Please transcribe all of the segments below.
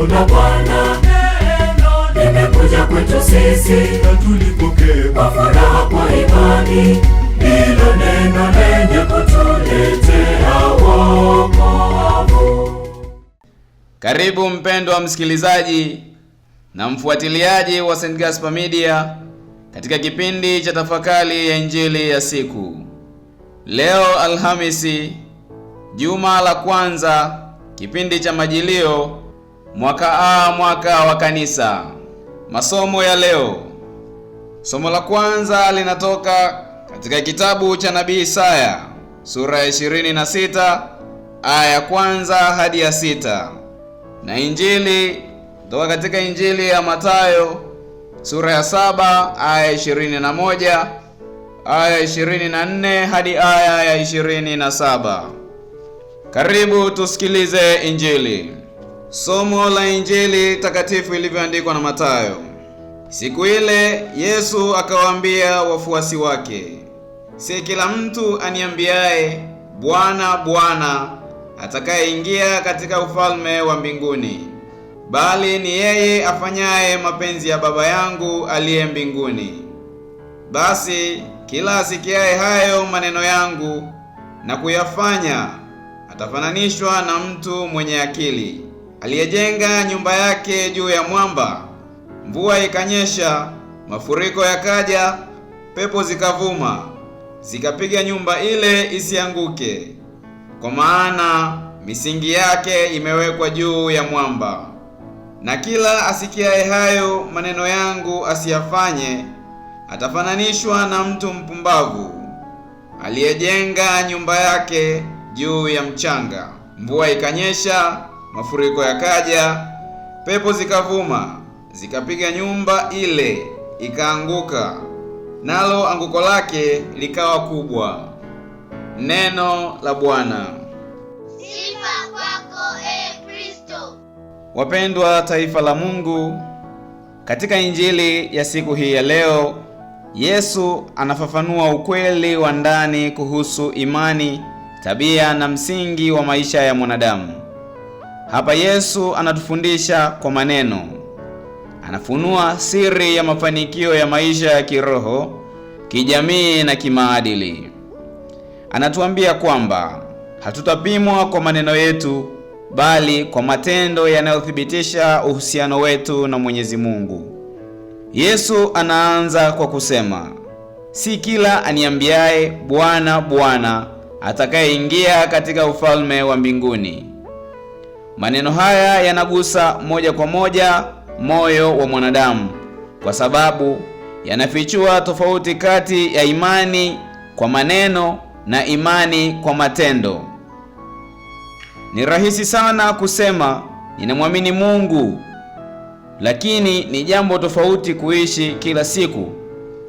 Ona Bwana imekuja kwetu sisi, na tulipokee kwa furaha kwa imani. Hilo neno lenye kutuletea wokovu. Karibu mpendwa msikilizaji na mfuatiliaji wa St. Gaspar Media katika kipindi cha tafakari ya injili ya siku leo, Alhamisi, juma la kwanza, kipindi cha Majilio Mwaka A, mwaka wa kanisa. Masomo ya leo. Somo la kwanza linatoka katika kitabu cha nabii Isaya sura ya 26 aya ya kwanza hadi ya sita, na injili kutoka katika injili ya Mathayo sura ya saba aya na moja aya nne hadi aya ya na saba Karibu tusikilize injili. Somo la Injili takatifu ilivyoandikwa na Mathayo. Siku ile Yesu akawaambia wafuasi wake, si kila mtu aniambiaye Bwana, Bwana atakayeingia katika ufalme wa mbinguni, bali ni yeye afanyaye mapenzi ya Baba yangu aliye mbinguni. Basi kila asikiaye hayo maneno yangu na kuyafanya atafananishwa na mtu mwenye akili aliyejenga nyumba yake juu ya mwamba, mvua ikanyesha, mafuriko yakaja, pepo zikavuma, zikapiga nyumba ile isianguke, kwa maana misingi yake imewekwa juu ya mwamba. Na kila asikiaye hayo maneno yangu asiyafanye, atafananishwa na mtu mpumbavu aliyejenga nyumba yake juu ya mchanga. Mvua ikanyesha mafuriko yakaja, pepo zikavuma zikapiga nyumba ile, ikaanguka, nalo anguko lake likawa kubwa. Neno la Bwana. Sifa kwako e Kristo. Wapendwa taifa la Mungu, katika injili ya siku hii ya leo, Yesu anafafanua ukweli wa ndani kuhusu imani, tabia na msingi wa maisha ya mwanadamu. Hapa Yesu anatufundisha kwa maneno, anafunua siri ya mafanikio ya maisha ya kiroho, kijamii na kimaadili. Anatuambia kwamba hatutapimwa kwa maneno yetu, bali kwa matendo yanayothibitisha uhusiano wetu na Mwenyezi Mungu. Yesu anaanza kwa kusema, si kila aniambiaye Bwana, Bwana atakayeingia katika ufalme wa mbinguni Maneno haya yanagusa moja kwa moja moyo wa mwanadamu kwa sababu yanafichua tofauti kati ya imani kwa maneno na imani kwa matendo. Ni rahisi sana kusema ninamwamini Mungu, lakini ni jambo tofauti kuishi kila siku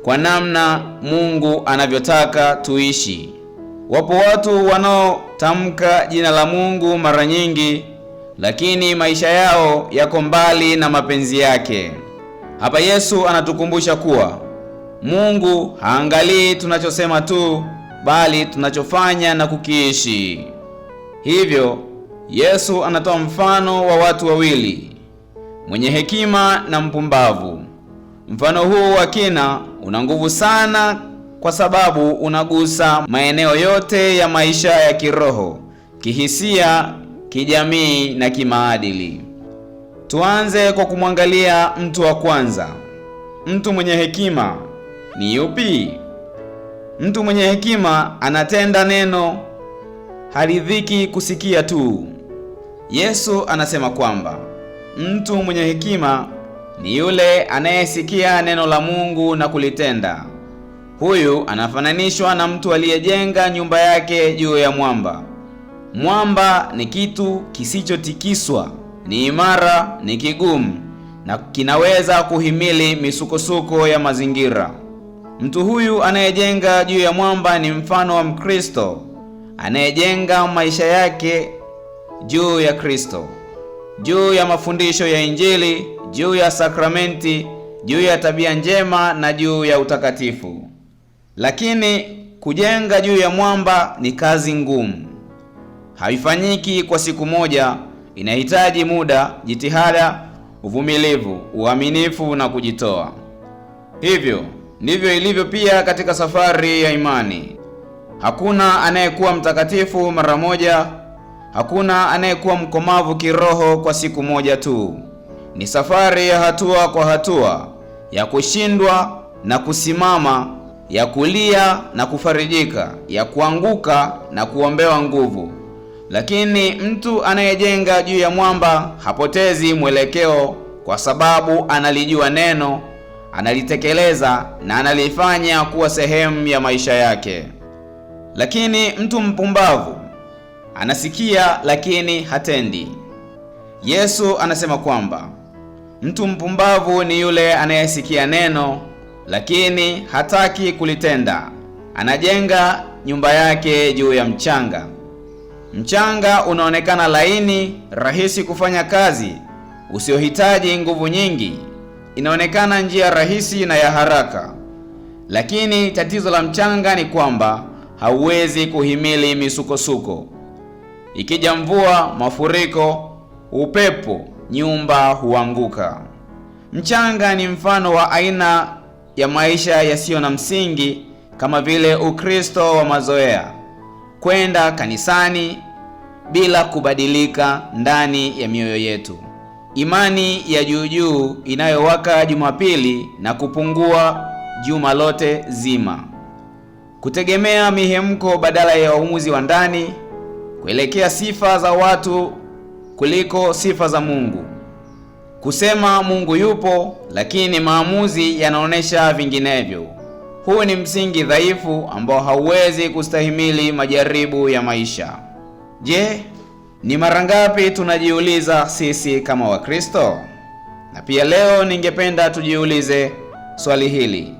kwa namna Mungu anavyotaka tuishi. Wapo watu wanaotamka jina la Mungu mara nyingi lakini maisha yao yako mbali na mapenzi yake. Hapa Yesu anatukumbusha kuwa Mungu haangalii tunachosema tu, bali tunachofanya na kukiishi. Hivyo Yesu anatoa mfano wa watu wawili, mwenye hekima na mpumbavu. Mfano huu wa kina una nguvu sana kwa sababu unagusa maeneo yote ya maisha ya kiroho, kihisia kijamii na kimaadili. Tuanze kwa kumwangalia mtu wa kwanza. Mtu mwenye hekima ni yupi? Mtu mwenye hekima anatenda neno, haridhiki kusikia tu. Yesu anasema kwamba mtu mwenye hekima ni yule anayesikia neno la Mungu na kulitenda. Huyu anafananishwa na mtu aliyejenga nyumba yake juu ya mwamba. Mwamba ni kitu kisichotikiswa, ni imara, ni kigumu na kinaweza kuhimili misukosuko ya mazingira. Mtu huyu anayejenga juu ya mwamba ni mfano wa Mkristo anayejenga maisha yake juu ya Kristo, juu ya mafundisho ya Injili, juu ya sakramenti, juu ya tabia njema na juu ya utakatifu. Lakini kujenga juu ya mwamba ni kazi ngumu haifanyiki kwa siku moja, inahitaji muda, jitihada, uvumilivu, uaminifu na kujitoa. Hivyo ndivyo ilivyo pia katika safari ya imani. Hakuna anayekuwa mtakatifu mara moja, hakuna anayekuwa mkomavu kiroho kwa siku moja tu. Ni safari ya hatua kwa hatua, ya kushindwa na kusimama, ya kulia na kufarijika, ya kuanguka na kuombewa nguvu. Lakini mtu anayejenga juu ya mwamba hapotezi mwelekeo, kwa sababu analijua neno, analitekeleza na analifanya kuwa sehemu ya maisha yake. Lakini mtu mpumbavu anasikia lakini hatendi. Yesu anasema kwamba mtu mpumbavu ni yule anayesikia neno lakini hataki kulitenda. Anajenga nyumba yake juu ya mchanga. Mchanga unaonekana laini, rahisi kufanya kazi, usiohitaji nguvu nyingi. Inaonekana njia rahisi na ya haraka. Lakini tatizo la mchanga ni kwamba hauwezi kuhimili misukosuko. Ikija mvua, mafuriko, upepo, nyumba huanguka. Mchanga ni mfano wa aina ya maisha yasiyo na msingi kama vile Ukristo wa mazoea kwenda kanisani bila kubadilika ndani ya mioyo yetu. Imani ya juu juu inayowaka Jumapili na kupungua juma lote zima, kutegemea mihemko badala ya uamuzi wa ndani, kuelekea sifa za watu kuliko sifa za Mungu, kusema Mungu yupo, lakini maamuzi yanaonyesha vinginevyo. Huu ni msingi dhaifu ambao hauwezi kustahimili majaribu ya maisha. Je, ni mara ngapi tunajiuliza sisi kama Wakristo? Na pia leo ningependa tujiulize swali hili.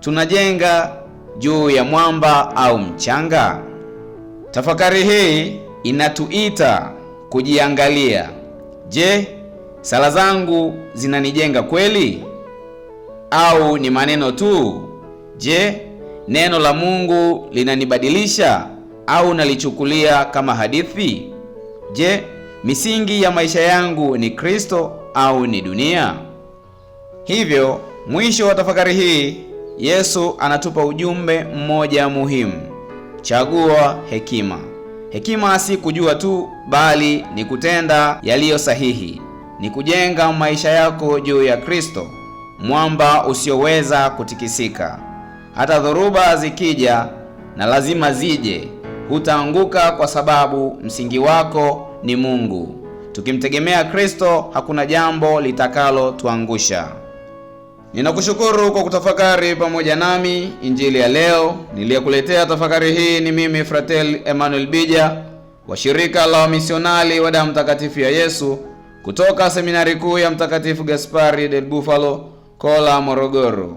Tunajenga juu ya mwamba au mchanga? Tafakari hii inatuita kujiangalia. Je, sala zangu zinanijenga kweli au ni maneno tu? Je, neno la Mungu linanibadilisha au nalichukulia kama hadithi? Je, misingi ya maisha yangu ni Kristo au ni dunia? Hivyo, mwisho wa tafakari hii, Yesu anatupa ujumbe mmoja muhimu: chagua hekima. Hekima si kujua tu, bali ni kutenda yaliyo sahihi, ni kujenga maisha yako juu ya Kristo, mwamba usioweza kutikisika hata dhoruba zikija na lazima zije, hutaanguka kwa sababu msingi wako ni Mungu. Tukimtegemea Kristo hakuna jambo litakalotuangusha. Ninakushukuru kwa kutafakari pamoja nami injili ya leo. Niliyekuletea tafakari hii ni mimi Fratel Emmanuel Bija wa shirika la wamisionali wa damu takatifu ya Yesu kutoka seminari kuu ya Mtakatifu Gaspari del Bufalo, Kola, Morogoro.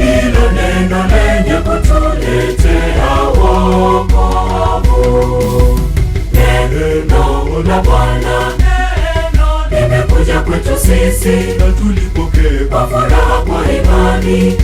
Hilo neno lenye kutuletea wokovu, neno la Bwana limekuja kwetu sisi, na tulipokea kwa furaha kwa imani.